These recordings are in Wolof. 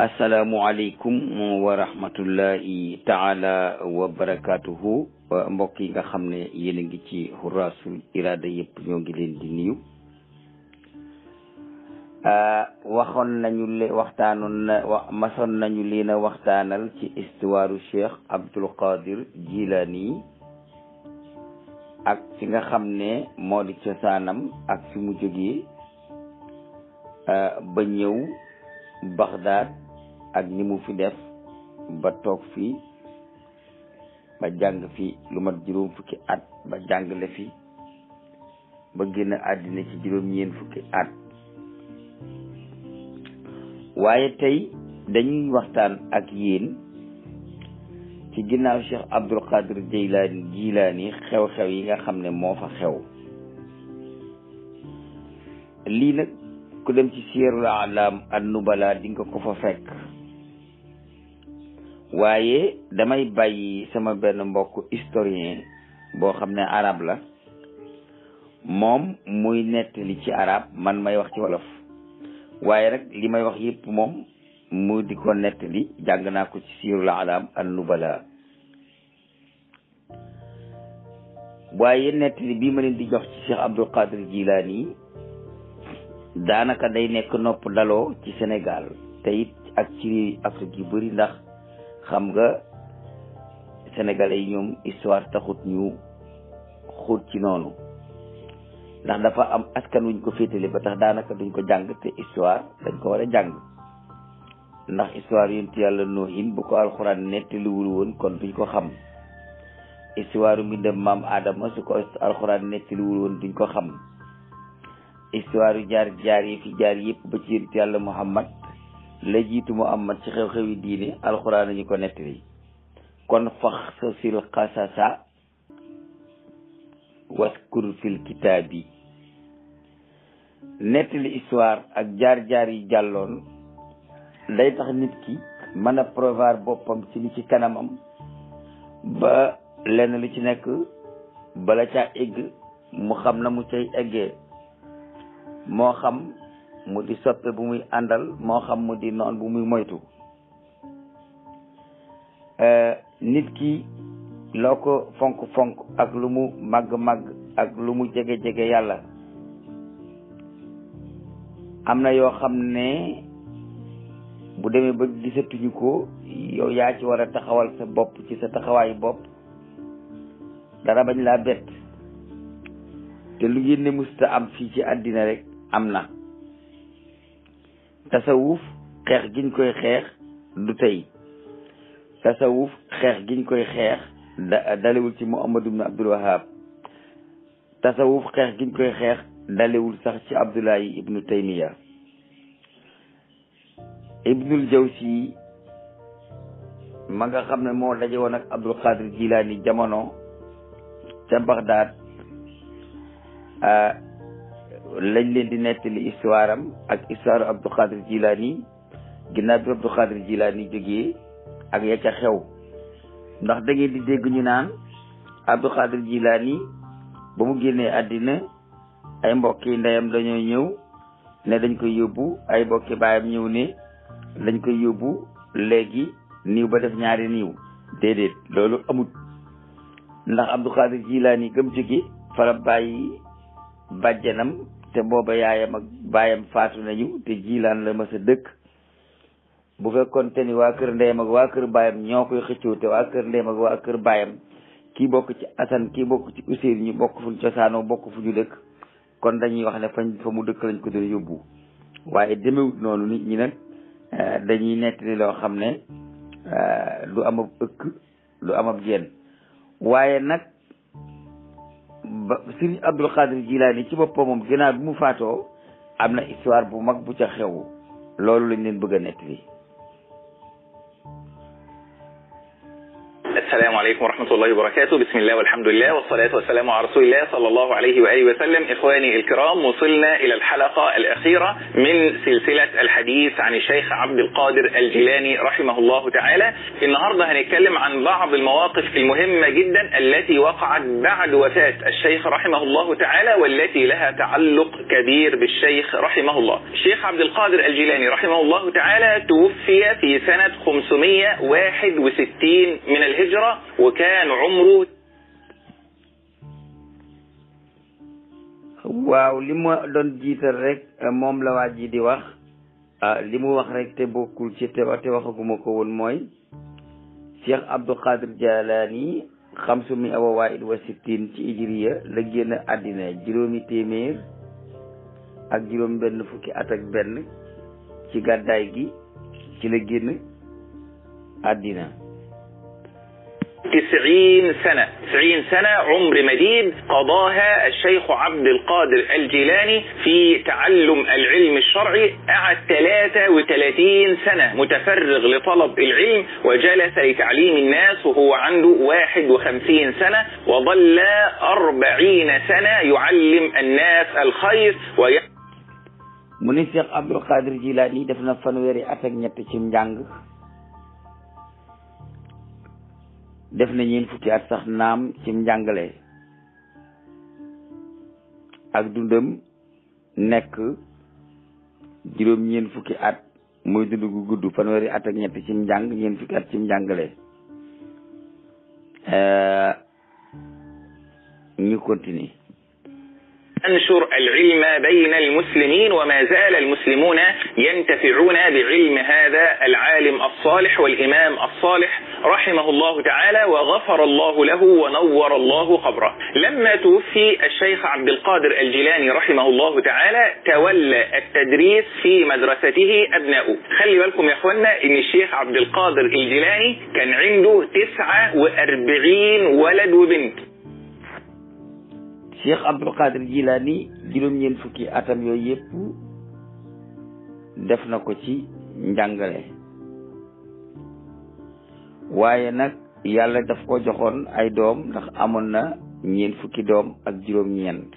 asalaamualeykum wa rahmatullahi taala wa barakaatuhu mbokk yi nga xam ne yéen ngi ci xuraasul iraada yëpp ñoo ngi leen di nuyu waxoon nañu le leen waxtaanal ci istuwaaru cheikh abdul qadir jilaani ak fi nga xam ne moo di cosaanam ak fi mu jógee ba ñëw baxdaad ak ni mu fi def ba toog fii ba jàng fii lu mat juróom fukki at ba jàngale fi ba génn àddina ci juróom ñeen fukki at waaye tey dañuy waxtaan ak yéen ci ginnaaw Cheikh Abdul Qadir Jeylaani xew-xew yi nga xam ne moo fa xew lii nag ku dem ci siirul alaam an nubala di nga ko fa fekk waaye damay bàyyi sama benn mbokk historien boo xam ne arab la moom muy nettali ci arab man may wax ci wolof waaye rek li may wax yépp moom mu di ko nettali jàng naa ko ci la alam an nubala waaye nettali bii ma leen di jox ci Cheikh Abdul Qadir Jilaani daanaka day nekk nopp daloo ci Sénégal te it ak ci Afrique yu bëri ndax xam nga sénégalais yi ñoom histoire taxut ñu xóot ci noonu ndax dafa am askan wuñ ko féetale ba tax daanaka duñ ko jàng te histoire dañ ko war a jàng ndax histoire yonent yàlla noohin bu ko alxuraan nettaliwul woon kon duñ ko xam histoire mbindam maam Adama su ko alxuraan nettaliwul woon duñ ko xam histoire jaar jaar yi fi jaar yëpp ba ci yonent yàlla Muhammad la jiitu mu am mat ci xew-xewi diine alxuraan ñu ko nettali kon fax sa sil xasasa waskur fil kitaabi nettali histoire ak jaar-jaar yi jàlloon day tax nit ki mën a prévoir boppam ci li ci kanamam ba lenn lu ci nekk bala caa egg mu xam na mu cay eggee moo xam mu di soppe bu muy àndal moo xam mu di noon bu muy moytu euh, nit ki loo ko fonk-fonk ak lu mu màgg-màgg ak lu mu jege-jege yàlla am na yoo xam ne bu demee ba gisatuñu ko yow yaa ci war a taxawal sa bopp ci sa taxawaayu bopp dara bañ laa bett te lu ngeen ne musta am fii ci àddina rek am na tasawuf xeex giñ koy xeex du tey tasawuf xeex giñ koy xeex da dalewul ci Muhammad ibn Abdul tasawuf xeex giñ koy xeex dalewul sax ci Abdullahi ibnu Taymiya ibnul Jawsi ma nga xam ne moo daje woon ak Abdul Qadir Jilaani jamono ca Bagdaad ah, lañ leen di nettali histoire am ak histoire Abdou Khadir Jilani ginnaaw bi Abdou Khadir nii jógee ak ya ca xew ndax da ngeen di dégg ñu naan Abdou Khadir Jilani ba mu génnee àddina ay mbokki ndeyam dañoo ñëw ne dañ koy yóbbu ay mbokki baayam ñëw ne dañ koy yóbbu léegi niiw ba def ñaari niiw déedéet loolu amut ndax Abdou Khadir Jilani gëm jóge fara bàyyi bàjjanam te booba yaayam ak baayam faatu nañu te jilaan la mës a dëkk bu fekkoon te ni waa kër ndeyam ak waa kër baayam ñoo koy xëccoo te waa kër ndeyam ak waa kër baayam kii bokk ci Assane kii bokk ci Ousseynou ñu bokk fu ñu cosaanoo bokk fu ñu dëkk kon dañuy wax ne fañ fa mu dëkk lañ ko doon yóbbu waaye demewut noonu nit ñi nag eh, dañuy nettali loo xam ne eh, du am ab ëkk du am ab jenn waaye nag ba sëriñ Abdul Xaadir Jilaani ci boppam moom ginnaaw bi mu faatoo am na histoire bu mag bu ca xew loolu lañ leen bëgg a nettali السلام عليكم ورحمة الله وبركاته بسم الله والحمد لله والصلاة والسلام على رسول الله صلى الله عليه وآله وسلم إخواني الكرام وصلنا إلى الحلقة الأخيرة من سلسلة الحديث عن الشيخ عبد القادر الجيلاني رحمه الله تعالى النهاردة هنتكلم عن بعض المواقف المهمة جدا التي وقعت بعد وفاة الشيخ رحمه الله تعالى والتي لها تعلق كبير بالشيخ رحمه الله الشيخ عبد القادر الجيلاني رحمه الله تعالى توفي في سنة 561 من الهجرة waaw li ma doon jiital rek eh, moom la waa ji di wax ah, li mu wax rek te bokkul ci te te waxaguma ko woon mooy Cheikh Abdou Qadir Jalaani xamsu mi awa waahid wa sittin ci hijriya la génn àddina juróomi téeméer ak juróom benn fukki at ak benn ci gàddaay gi ci la génn àddina 90 سنة 90 سنة عمر مديد قضاها الشيخ عبد القادر الجيلاني في تعلم العلم الشرعي قعد 33 سنة متفرغ لطلب العلم وجلس لتعليم الناس وهو عنده 51 سنة وظل 40 سنة يعلم الناس الخير وي... mu ni عبد القادر الجيلاني دفن def na fanweeri at def na ñeen fukki at sax naam cim njàngale ak dundam nekk juróom ñeen fukki at muy dund gu gudd fanweeri at ak ñett cim njàng ñeen fukki at cim njàngale euh, ñu continue أنشر العلم بين المسلمين وما زال المسلمون ينتفعون بعلم هذا العالم الصالح والإمام الصالح رحمه الله تعالى وغفر الله له ونور الله قبره لما توفي الشيخ عبد القادر الجيلاني رحمه الله تعالى تولى التدريس في مدرسته أبناؤه خلي بالكم يا أخوانا إن الشيخ عبد القادر الجيلاني كان عنده 49 ولد وبنت Cheikh Abdul laa ni juróom-ñeent fukki atam yooyu yëpp def na ko ci njàngale waaye nag yàlla daf ko joxoon ay doom ndax amoon na ñeent fukki doom ak juróom-ñeent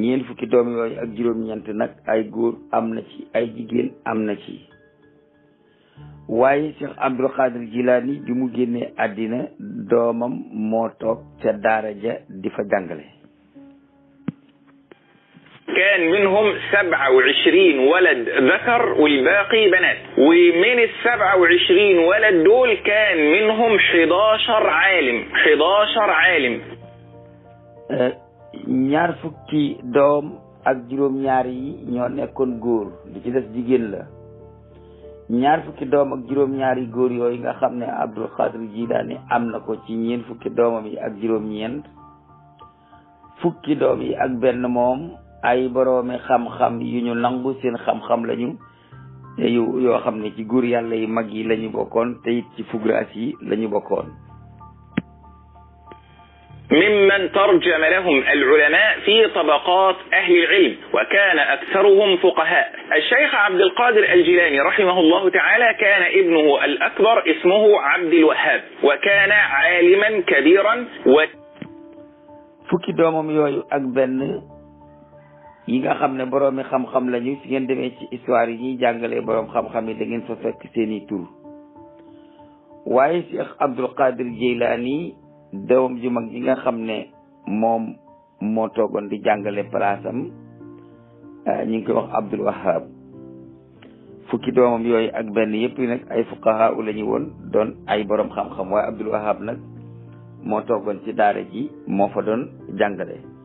ñeent fukki doom yooyu ak juróom-ñeent nag ay góor am na ci ay jigéen am na ci waaye Cheikh Abdul Qadir jilani bi mu genné adina domam mo tok ca dara ja difa jàngale كان منهم 27 ولد ذكر والباقي بنات ومن ال 27 ولد دول كان منهم 11 عالم 11 عالم ñaar fukki doom ak juróom ñaar yi ñoo nekkoon góor li ci des jigen la ñaar fukki doom ak juróom-ñaari góor yooyu nga xam ne Abdul Xaadir Jilaani am na ko ci ñeent fukki doomam yi ak juróom-ñeent fukki doom yi ak benn moom ay boroomi xam-xam yu ñu nangu seen xam-xam lañu yu yoo xam ne ci góor yàlla yi mag yi lañu bokkoon te ci ci fugraas yi lañu bokkoon ممن ترجم لهم العلماء في طبقات أهل العلم وكان أكثرهم فقهاء الشيخ عبد القادر الجيلاني رحمه الله تعالى كان ابنه الأكبر اسمه عبد الوهاب وكان عالما كبيرا و... فكي دوما ميوي أكبر ييغا خامن بروم خام خام لا نيو سي نين ديمي سي استوار ني جانغالي بروم خام خامي دي نين فك سيني تور واي شيخ عبد القادر جيلاني doom ju mag ji nga xam ne moom moo toogoon di jàngale palaasam euh, ñu ngi koy wax Abdul Wahab fukki doomam yooyu ak benn yëpp nag ay fuqaha la ñu woon doon ay borom xam-xam waaye Abdul Wahab nag moo toogoon ci daara ji moo fa doon jàngale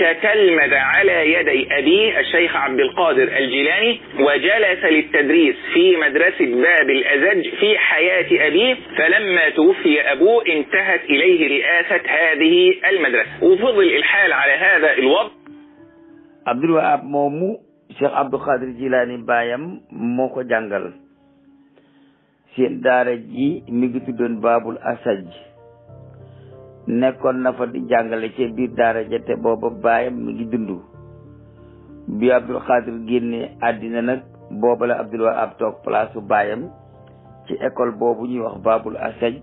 تتلمذ على يدي أبيه الشيخ عبد القادر الجيلاني وجلس للتدريس في مدرسة باب الأزج في حياة أبيه فلما توفي أبوه انتهت إليه رئاسة هذه المدرسة وفضل الحال على هذا الوضع عبد الوهاب مومو شيخ عبد القادر الجيلاني بايم موكو جانجل سين دارجي ميغي باب بابul nekkoon na fa di jàngale ci biir daara ja te booba baayam mi ngi dund bi Abdul Xaadir génne àddina nag booba la Abdul Wahab toog place baayam ci école boobu ñuy wax Babul Asaj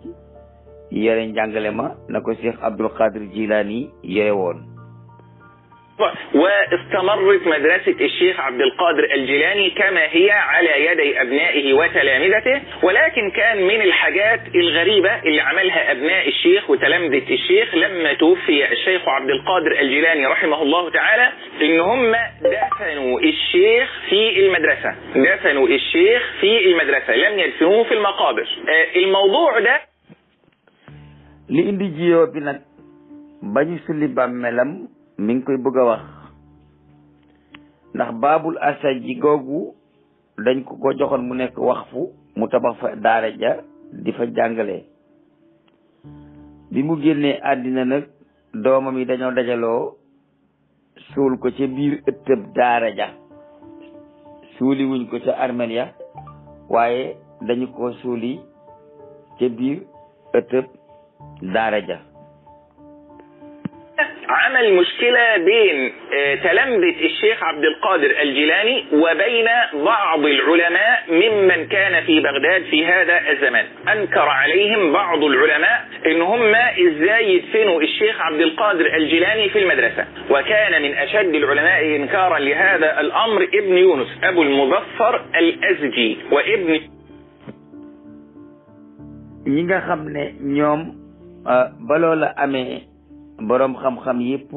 yore njàngale ma na ko Cheikh Abdul Xaadir Jilaani yore woon واستمرت مدرسة الشيخ عبد القادر الجيلاني كما هي على يدي أبنائه وتلامذته ولكن كان من الحاجات الغريبة اللي عملها أبناء الشيخ وتلامذة الشيخ لما توفي الشيخ عبد القادر الجيلاني رحمه الله تعالى إن هم دفنوا الشيخ في المدرسة دفنوا الشيخ في المدرسة لم يدفنوه في المقابر آه، الموضوع ده لإن جيوبنا بني سلي بملم mi ngi koy bëgg a wax ndax baabul asaji googu dañ ko ko joxoon mu nekk wax fu mu tabax fa daara ja di fa jàngale bi mu génnee àddina nag doomam yi dañoo dajaloo suul ko ci biir ëttëb daara ja suuli wuñ ko ca armeel ya waaye dañu ko suuli ca biir ëttëb daara ja عمل مشكلة بين آه، تلمذة الشيخ عبد القادر الجيلاني وبين بعض العلماء ممن كان في بغداد في هذا الزمان أنكر عليهم بعض العلماء إن هم إزاي يدفنوا الشيخ عبد القادر الجيلاني في المدرسة وكان من أشد العلماء إنكارا لهذا الأمر ابن يونس أبو المظفر الأزجي وابن ñi nga xam ne ñoom آه، ba loola amee boroom xam-xam yépp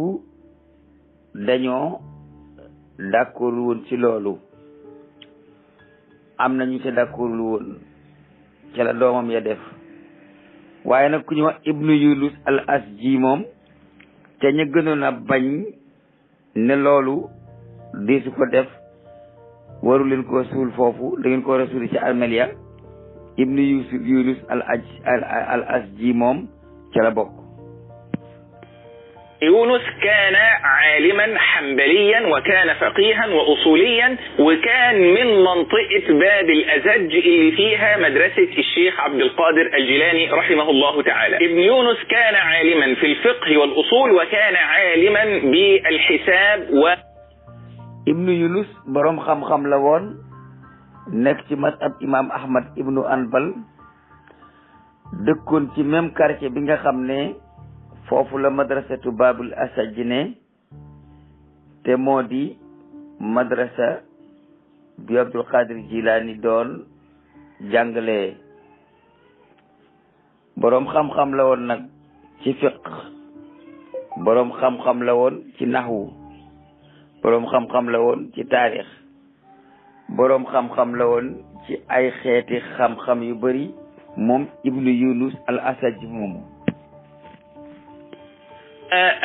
dañoo d'accordul woon ci loolu am na ñu ca d'accordul woon ca la doomam ya def waaye nag ku ñu wax ibnu yunus al asji moom te ñu gënoon a bañ ne loolu di su ko def waruleen ko suul foofu da ngeen koo rasuuli ci armelia ibnu yunus al asji moom ca la bokk يونس كان عالما حنبليا وكان فقيها وأصوليا وكان من منطقة باب الأزج اللي فيها مدرسة الشيخ عبد القادر الجيلاني رحمه الله تعالى ابن يونس كان عالما في الفقه والأصول وكان عالما بالحساب و ابن يونس برم خم خم لون نكت مذهب إمام أحمد ابن أنبل دكون في ميم كارتي بنغا خمني foofu la madrasatu babul asaj ne te moo di madrasa bi Abdul Qadir Jilaani doon jàngale boroom xam-xam la woon nag ci fiq boroom xam-xam la woon ci naxwu boroom xam-xam la woon ci taarix boroom xam-xam la woon ci ay xeeti xam-xam yu bari moom ibnu yunus al asaj moomu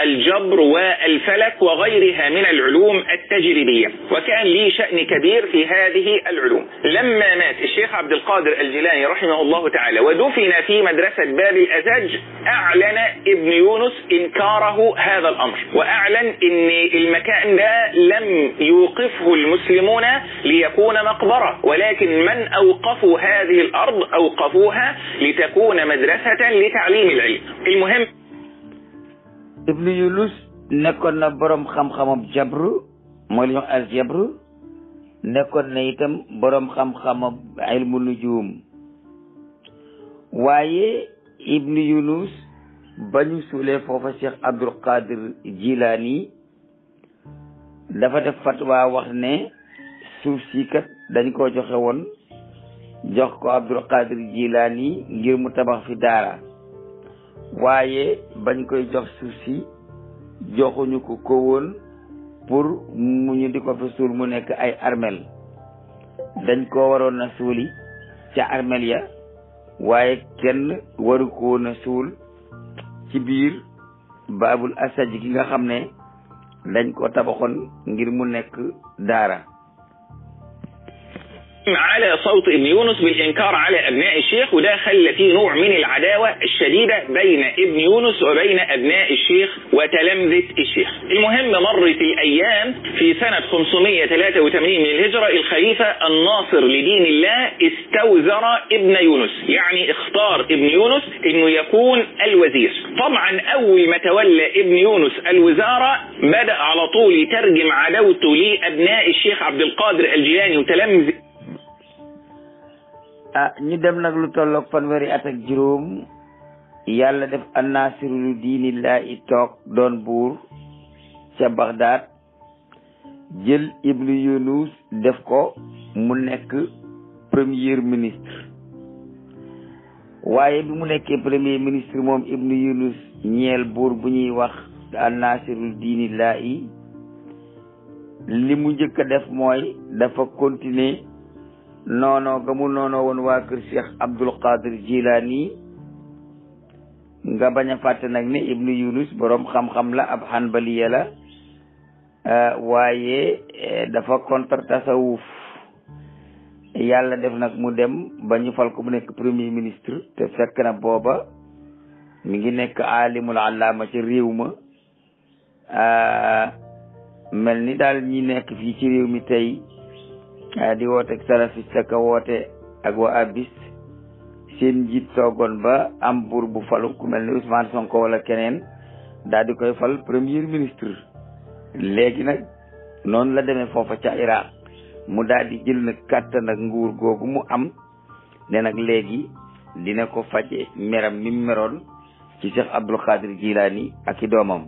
الجبر والفلك وغيرها من العلوم التجريبية وكان لي شأن كبير في هذه العلوم لما مات الشيخ عبد القادر الجيلاني رحمه الله تعالى ودفن في مدرسة باب الأزج أعلن ابن يونس إنكاره هذا الأمر وأعلن أن المكان ده لم يوقفه المسلمون ليكون مقبرة ولكن من أوقفوا هذه الأرض أوقفوها لتكون مدرسة لتعليم العلم المهم ibnu yulus nekkoon na boroom xam-xamam jabru mooy li ñuy wax nekkoon na itam boroom xam-xamam ilmu nujum waaye ibnu yulus ba ñu suulee foofa cheikh abdul qadir jilaani dafa def wa wax ne suuf si kat dañ koo joxe woon jox ko abdul qadir jilaani ngir mu tabax fi daara waaye bañ koy jox suuf si joxuñu ko ko woon pour mu ñu di ko fa suul mu nekk ay armel dañ ko waroon a suuli ca armeel ya waaye kenn waru suul ci biir baabul asaj gi nga xam ne dañ ko tabaxoon ngir mu nekk daara على صوت ابن يونس بالإنكار على أبناء الشيخ وده خلى فيه نوع من العداوة الشديدة بين ابن يونس وبين أبناء الشيخ وتلامذة الشيخ المهم مرت الأيام في سنة 583 من الهجرة الخليفة الناصر لدين الله استوزر ابن يونس يعني اختار ابن يونس انه يكون الوزير طبعا اول ما تولى ابن يونس الوزارة بدأ على طول يترجم عداوته لأبناء الشيخ عبد القادر الجياني وتلامذة ah ñu dem nag lu tolloog fanweeri at ak juróom yàlla def annaasiru lu diinillaahi toog doon buur ca Bagdaad jël ibnu yunus def ko mu nekk premier ministre waaye bi mu nekkee premier ministre moom ibnu yunus ñeel buur bu ñuy wax annaasiru diinillaahi li mu njëkk def mooy dafa continuer noono ga mu noono woon waa kër Cheikh Abdul Qadir Jilaani nga bañ a fàtte nag ne ibnu Yunus boroom xam-xam la ab hanbaliya la euh, waaye euh, dafa contre tasawuf yàlla def nag mu dem ba ñu fal ko mu nekk premier ministre te fekk na booba mu ngi nekk alimul allaama ci réew ma euh, mel ni daal ñi nekk fii ci réew mi tey di woote ak salafiste ak woote ak waa abis seen njiit toogoon ba am buur bu falu ku mel ni Ousmane Sonko wala keneen daal di koy fal premier ministre léegi nag noonu la demee foofa ca Iraq mu daal di jël na kàttan ak nguur googu mu am ne nag léegi dina ko faje meram mi meroon ci Cheikh Abdul Qadir Jilaani ak i doomam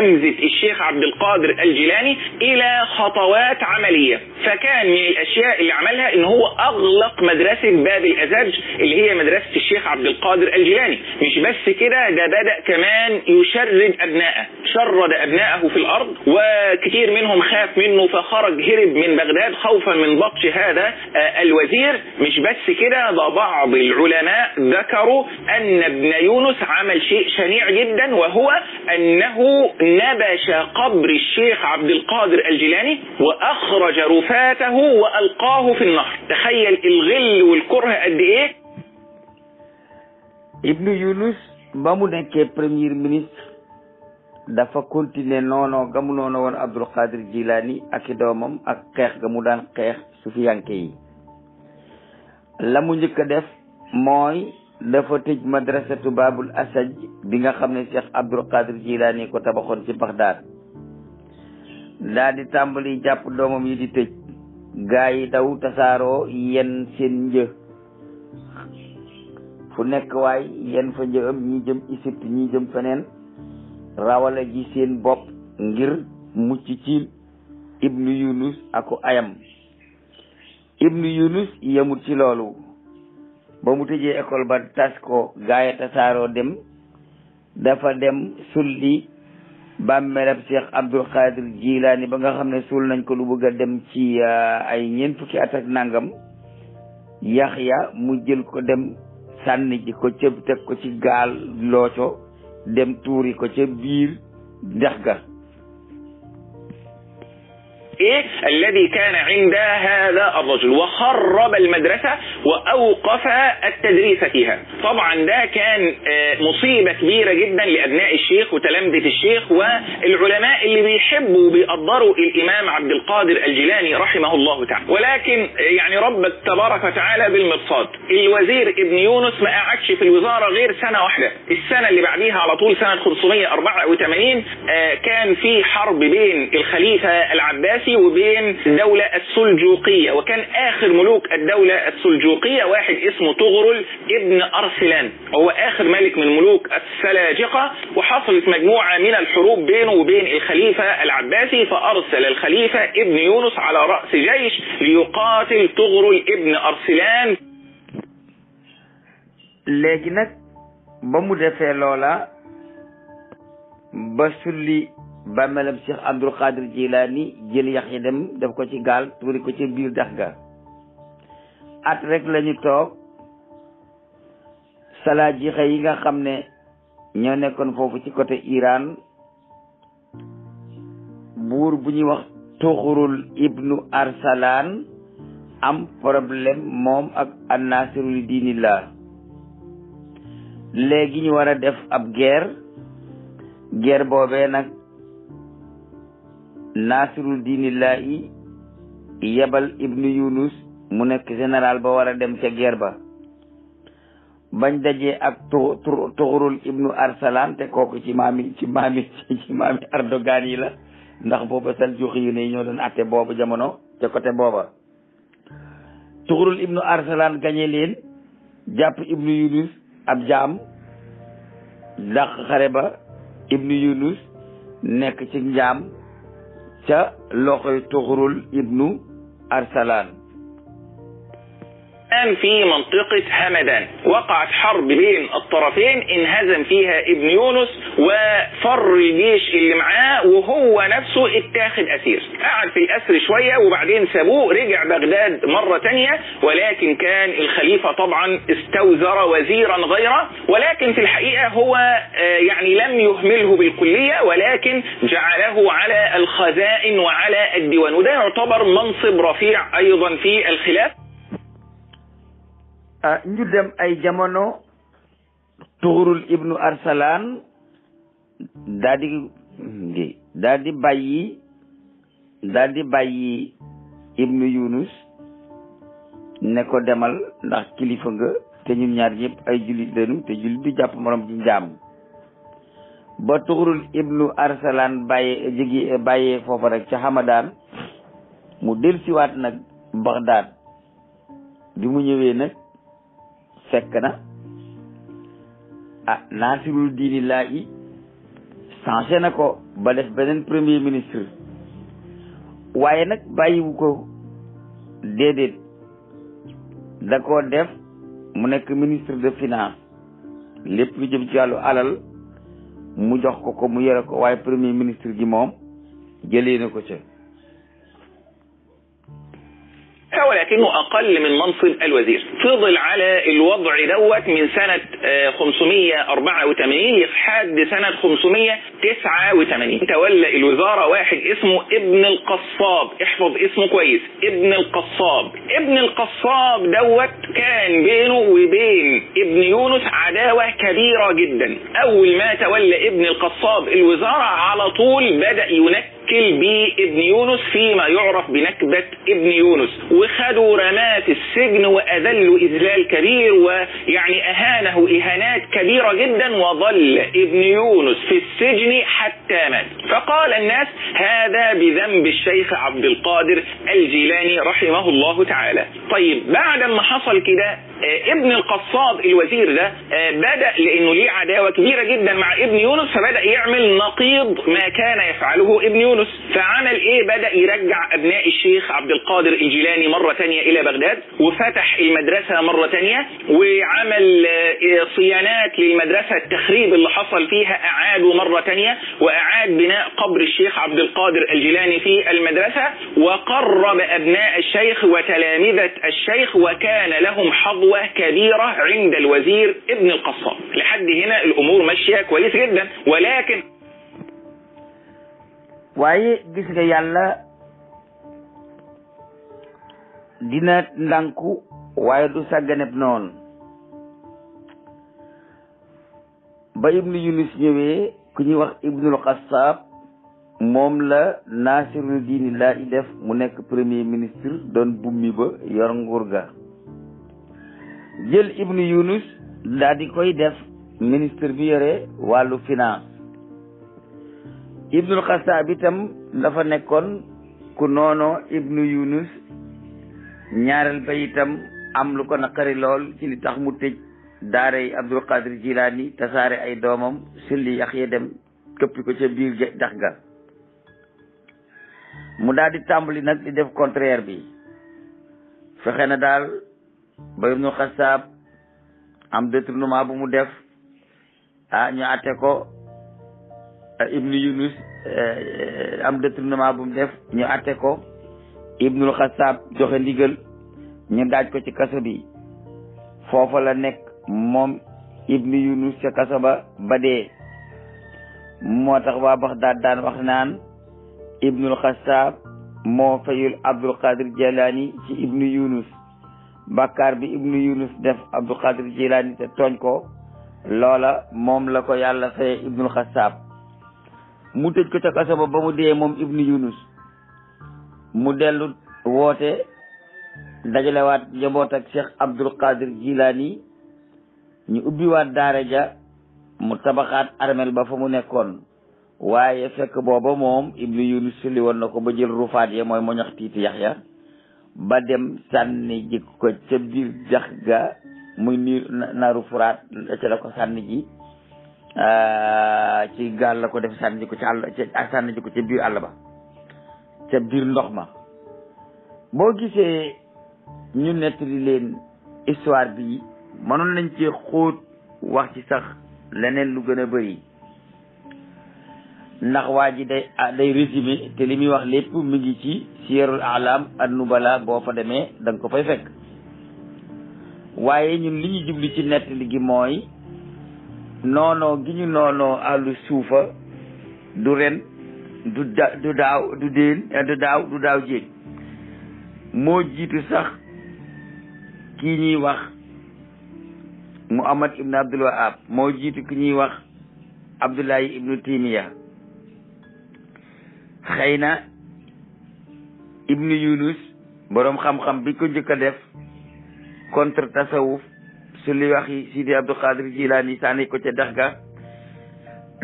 أنزل الشيخ عبد القادر الجيلاني إلى خطوات عملية فكان من الأشياء اللي عملها إن هو أغلق مدرسة باب الأزاج اللي هي مدرسة الشيخ عبد القادر الجيلاني مش بس كده ده بدأ كمان يشرد أبنائه شرد أبنائه في الأرض وكثير منهم خاف منه فخرج هرب من بغداد خوفا من بطش هذا آه، الوزير مش بس كده ده بعض العلماء ذكروا أن ابن يونس عمل شيء شنيع جدا وهو أنه نبش قبر الشيخ عبد القادر الجيلاني واخرج رفاته والقاه في النهر تخيل الغل والكره قد ايه ابن يونس بامو نك بريمير مينيستر دا فا كونتيني نونو غامو نونو ون عبد القادر الجيلاني اك دومم اك خيخ غامو دان خيخ سفيان كي لامو نيك ديف موي dafa tëj madrasatu babul asaj bi nga xam Cheikh Abdul Qadir Jilaani ko tabaxoon ci Baxdaad daal di tàmbali jàpp doomam yi di tëj gaa yi daw tasaaroo yenn seen një fu nekk waay yenn fa njëam ñi jëm Égypte ñi jëm feneen rawale ji seen bopp ngir mucc ci ibnu Yunus ako ayam ibnu Yunus ia ci loolu ba mu tëjee école ba tas ko gaaya tasaaroo dem dafa dem sulli bàmmeelab Cheikh Abdul Qadir Jilaani ba nga xam ne suul nañ ko lu bëgg dem ci euh, ay ñeent fukki at ak nangam Yaxya mu jël ko dem sànni ji ko cëb teg ko ci gaal looco dem tuuri ko ca biir ndex ga ايه الذي كان عند هذا الرجل وخرب المدرسة واوقف التدريس فيها طبعا ده كان آه، مصيبة كبيرة جدا لابناء الشيخ وتلامذة الشيخ والعلماء اللي بيحبوا وبيقدروا الامام عبد القادر الجيلاني رحمه الله تعالى ولكن آه، يعني رب تبارك وتعالى بالمرصاد الوزير ابن يونس ما قعدش في الوزارة غير سنة واحدة السنة اللي بعديها على طول سنة 584 آه، كان في حرب بين الخليفة العباس العباسي وبين الدولة السلجوقية وكان آخر ملوك الدولة السلجوقية واحد اسمه طغرل ابن أرسلان هو آخر ملك من ملوك السلاجقة وحصلت مجموعة من الحروب بينه وبين الخليفة العباسي فأرسل الخليفة ابن يونس على رأس جيش ليقاتل طغرل ابن أرسلان لكنك بمدفع لولا بسلي bàmmeelam Cheikh Abdul Qadir Jilaani jël yax yi dem def ko ci gaal tuuri ko ci biir dex ga at rek lañu toog salaajixa yi nga xam ne ñoo nekkoon foofu ci côté iraan buur bu ñuy wax tuxurul ibnu arsalaan am problème moom ak annasirul diinillah léegi ñu war a def ab guerre guerre boobee nag naasirul diinillaahi yebal ibnu yunus mu nekk général ba war a dem ca guerre ba bañ dajee ak tuxurul ibnu arsalan te kooku ci maami ci yi la ndax booba saljuxi yu ne ñoo doon atte boobu jamono ca côté booba tuxurul ibnu arsalan gañe leen jàpp ibnu yunus ab jaam ndax xare ba ibnu yunus nekk ci njaam ca loxoy tuxurul ibnu arsalaan الآن في منطقة همدان وقعت حرب بين الطرفين انهزم فيها ابن يونس وفر الجيش اللي معاه وهو نفسه اتاخد أسير قعد في الأسر شوية وبعدين سابوه رجع بغداد مرة تانية ولكن كان الخليفة طبعا استوزر وزيرا غيره ولكن في الحقيقة هو آه، يعني لم يهمله بالكلية ولكن جعله على الخزائن وعلى الديوان وده يعتبر منصب رفيع أيضا في الخلاف Ah, ñu dem ay jamono tuxurul ibnu arsalaan daa di daa di bàyyi di bàyyi ibnu yunus ne ko demal ndax kilifa nga te ñun ñaar ñëpp ay jullit lañu te jullit du jàpp morom ji njaam ba tuxurul ibnu arsalaan bàyyee jigi bàyyee foofa rek ca xamadaan mu dellusiwaat nag baxdaad bi mu ñëwee nag fekk na ah naasirul diini laa yi changé na ko ba def beneen premier ministre waaye nag bàyyiwu ko déedéet da ko def mu nekk ministre de finance lépp lu jëm ci wàllu alal mu jox ko ko mu yore ko waaye premier ministre gi moom jëlee na ko ca ولكنه أقل من منصب الوزير فضل على الوضع دوت من سنة 584 آه، لحد سنة 589 تولى الوزارة واحد اسمه ابن القصاب احفظ اسمه كويس ابن القصاب ابن القصاب دوت كان بينه وبين ابن يونس عداوة كبيرة جدا أول ما تولى ابن القصاب الوزارة على طول بدأ ينكر كلبي ابن يونس فيما يعرف بنكبة ابن يونس وخدوا رمات السجن وأذلوا إذلال كبير ويعني أهانه إهانات كبيرة جدا وظل ابن يونس في السجن حتى مات فقال الناس هذا بذنب الشيخ عبد القادر الجيلاني رحمه الله تعالى طيب بعد ما حصل كده آه، ابن القصاب الوزير ده آه، بدا لانه ليه عداوه كبيره جدا مع ابن يونس فبدا يعمل نقيض ما كان يفعله ابن يونس فعمل ايه بدا يرجع ابناء الشيخ عبد القادر الجيلاني مره ثانيه الى بغداد وفتح المدرسه مره ثانيه وعمل آه، صيانات للمدرسه التخريب اللي حصل فيها اعاده مره ثانيه واعاد بناء قبر الشيخ عبد القادر الجيلاني في المدرسه وقرب ابناء الشيخ وتلامذه الشيخ وكان لهم حظ عضوة كبيرة عند الوزير ابن القصاب لحد هنا الأمور ماشية كويس جدا ولكن واي جس جيالا دينا ننكو وايدو ساقن ابنون با ابن يونس نيوي كني وقت ابن القصاب موم لا ناصر الدين لا يدف مو نيك بريمير مينيستر دون بومي با يور jël ibnu yunus daal koy def ministre bi yore wàllu finance ibnul xattaab itam dafa nekkoon ku noono ibnu yunus ñaareel ba itam am lu ko naqari lool ci li tax mu tëj daaray abdul qadir jilaani tasaare ay doomam sulli yax ya dem këppi ko ca biir dex ga mu daal di tàmbali nag di def contraire bi fexe na daal ba ibnu xasaab am détournement bu mu def ah ñu atte ko ibnu yunus eh, am détournement bu mu def ñu atte ko ibnul xasaab joxe ndigal ñu daaj ko ci kaso bi foofa la nekk mom ibnu yunus ca kaso ba ba moo tax waa baxdaad daan wax naan ibnul xasaab moo fayul abdul qadir jalaani ci ibnu yunus bàkkaar bi ibnu yunus def abdul qadir jilaani te tooñ ko loola moom la ko yàlla faye ibnul xasaab mu tëj ko ca kaso ba ba mu dee moom ibnu yunus mu dellu woote dajalewaat njaboot ak cheikh abdul qadir jilaani ñu ubbiwaat daara ja mu tabaxaat armel ba fa mu nekkoon waaye fekk booba moom ibnu yunus sulli woon na ko ba jël rufaat ya mooy moñax tiiti yaxya ba dem sànni ko ca biir jax ga muy niir naaru furaat ca la ko sànni ah, ci gaal la ko def sànni ko ca àll ca ah, ko ca biir àll ba ca biir ndox ma boo gisee ñu nettali leen histoire bi mënoon nañ ci xóot wax ci sax leneen lu gën a bari ndax waa ji day ah, day résumé te li muy wax lépp mu ngi ci siyarul alam annubala boo fa demee da ko fay fekk waaye ñun li ñu jublu ci nettali gi mooy noonoo gi ñu noonoo àllu suufa du ren du da daaw du déen du daaw du daaw jéeg moo jiitu sax kii ñuy wax Muhammad ibn Abdul Wahab moo jiitu ki ñuy wax Abdullahi ibnu Timiya xëy na ibnu yunus boroom xam-xam bi ko njëkk a def contre tasawuf su li wax yi sidi abdul qadir jilaani sànni ko ca dex ga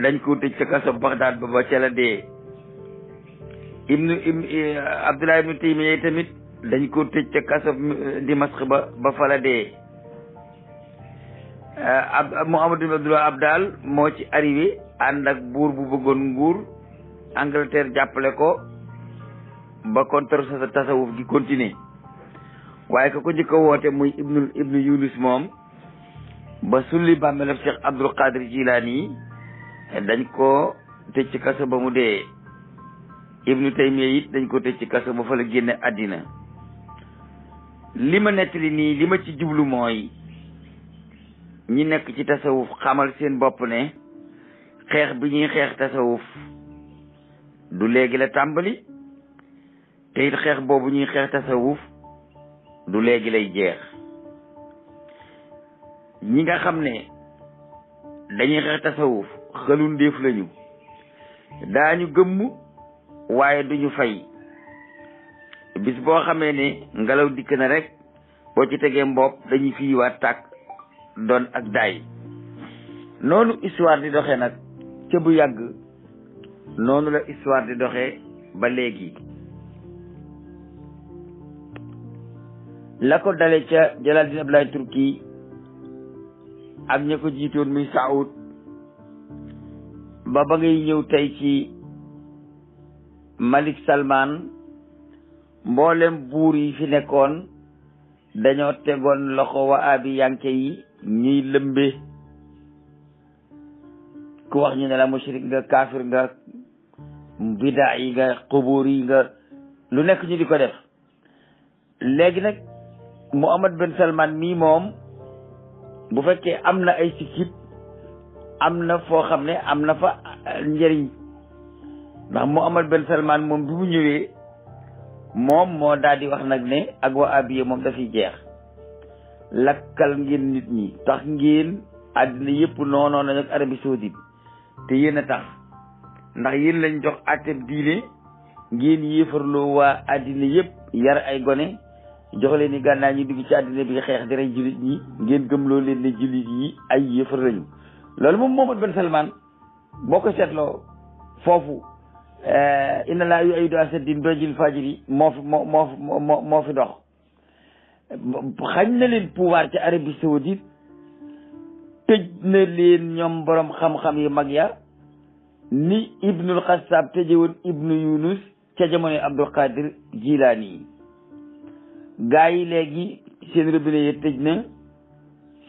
dañ ko tëj ca kaso Bagdaad ba ba ca la dee ibnu abdullah ibnu taymiya tamit dañ ko tëj ca kaso dimask ba ba fa la dee ab muhammad abdullah abdal moo ci arrivé ànd ak buur bu bëggoon nguur Angleterre jàppale ko ba contre sa tasawuf gi continé waaye ka ko njëkk a woote muy ibnu ibnu Yunus moom ba sulli bàmmeelab Cheikh Abdul Qadir Jilaani dañ ko tëj ci kaso ba mu dee ibnu Taymiya it dañ ko tëj ci kaso ba fa la génne àddina li ma nettali nii li ma ci jublu mooy ñi nekk ci tasawuf xamal seen bopp ne xeex bi ñuy xeex tasawuf du léegi la tàmbali te xeex boobu ñuy xeex tasawuf du léegi lay jeex ñi nga xam ne dañuy xeex tasawuf xëlu lañu daañu gëmm waaye duñu fay bis boo xamee ne ngelaw dikk na rek boo ci tegee mbopp dañuy fiiwaat tàkk doon ak daay noonu histoire di doxee nag ca yàgg noonu la histoire di doxe ba léegi la ko dale ca Jalaluddin Abdoulaye Turki ak ña ko jiitoon muy Saoud ba ba ngay ñëw tey ci Malik Salman mboolem buur yi fi nekkoon dañoo tegoon loxo wa abi yi ñuy lëmbe ku wax ñu ne la mushrik nga kaafir nga bidaa yi nga xubur yi nga lu nekk ñu di ko def léegi nag Mohammed Ben Salman mii moom bu fekkee am na ay sikkit am na foo xam ne am na fa eh, njëriñ ndax Mohammed Ben Salman moom bi mu ñëwee moom moo daal di wax nag ne ak waa abiye moom dafiy jeex lakkal ngeen nit ñi tax ngeen àddina yëpp noonoo nañu ak Arabie Saoudite te yéen a tax ndax yéen lañ jox àtteb diine ngeen yéefarloo waa àddina yépp yar ay gone jox leen ni gànnaay ñu dugg ci àddina bi xeex di rey jullit ñi ngeen gëmloo leen ne jullit yi ay yéefar lañu loolu moom Mohammed Ben Salman boo ko seetloo foofu eh, inna laa yu aydu asadin dojil fajiri moo fi moo moo moo fi dox xañ na leen pouvoir ci Arabie Saoudite tëj na leen ñoom borom xam-xam yu mag ya ni ibnul xassab tëje woon ibnu yunus ca jamono abdul qadir jilaani yi gaa yi léegi seen robinet yi tëj na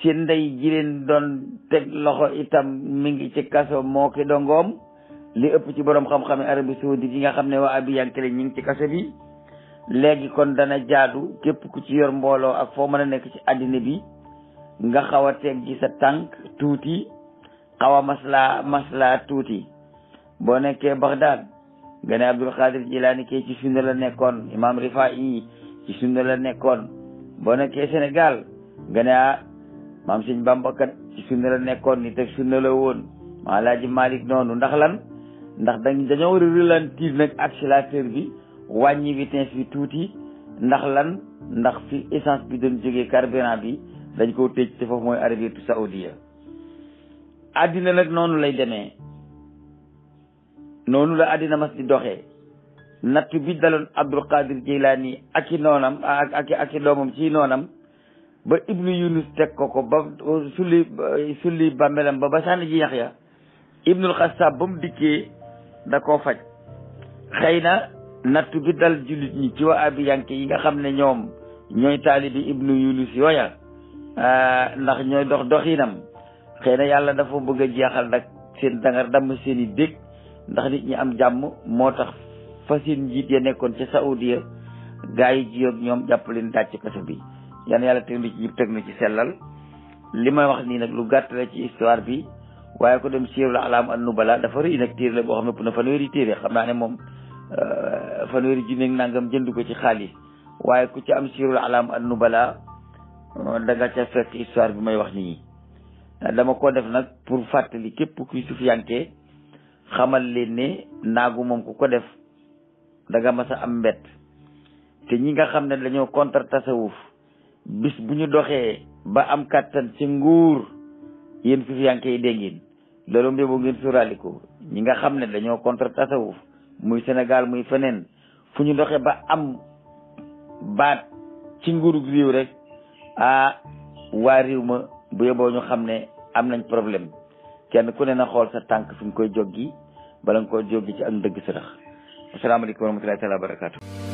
seen ndey ji leen doon teg loxo itam mi ngi ci kaso moo ki li ëpp ci borom xam-xame arabi saudi yi nga xam ne waa abi yankele ñu ci kaso bi léegi kon dana jaadu képp ku ci yor mbooloo ak foo mën a nekk ci àddina bi nga xaw a teg gi sa tànk tuuti xaw a maslaa tuuti boo nekkee Baghdad nga ne Abdul Qadir Jilaani kii ci sunna la nekkoon imam Rifaa'i ci sunna la nekkoon boo nekkee Sénégal nga ne ah maam Sëñ Bamba kat ci sunna la nekkoon ni teg sunna la woon maa laaji Malick noonu ndax lan ndax dañ dañoo war a ralentir nag accélérateur bi wàññi vitesse bi tuuti ndax lan ndax fi essence bi doon jógee carburant bi dañ koo tëj te foofu mooy Arabie Saoudite addina nag noonu lay demee noonu la àddina mas di doxee nattu bi daloon Abdul Qadir Jeylaani ak i noonam ak doomam ci noonam ba ibnu Yunus teg ko ko ba sulli sulli ba ba sànni ji yax ya ibnul Xassab ba mu dikkee da koo faj xëy na nattu bi dal jullit ñi ci waa abiyanke yi nga xam ne ñoom ñooy taalibi ibnu Yunus yooya ah, ndax ñooy dox doxinam xëy na yàlla dafa bëgg a jeexal nag seen dangar damm seen i ndax nit ñi am jàmm moo tax fa seen njiit ya nekkoon ca Saoudia gaa yi jiyoog ñoom jàpp leen dàcc kaso bi yan yàlla teg na ci jub teg na ci sellal li may wax nii nag lu gàtt la ci histoire bi waaye ko dem siirul alaam an nubala dafa rëy nag téere la boo xam ne na fanweeri téere xam naa ne moom euh, fanweeri junneeg nangam jënd ko ci xaalis waaye ku ci am siirul alaam an nubala euh, da nga ca fekk histoire bi may wax nii dama ko def nag pour fàttali képp kuy sufiyanke xamal leen ne naagu moom ku ko def danga mas a am mbett te ñi nga xam ne dañoo contre tasawuf bis bu ñu doxee ba am kàttan ci nguur yéen sufiyanke yi dégg ngeen loolu mbébu ngeen sóoraaliko ñi nga xam ne dañoo contre tasawuf muy Sénégal muy feneen fu ñu doxee ba am baat ci nguurug réew rek ah waa réew ma bu yeboo ñu xam ne am nañ problème kenn ku ne na xool sa tànk fi nga koy joggi bala nga koo jóg ci ak ndëgg sërëx asalaamaaleykum wa rahmatullahi taala wa barakaatu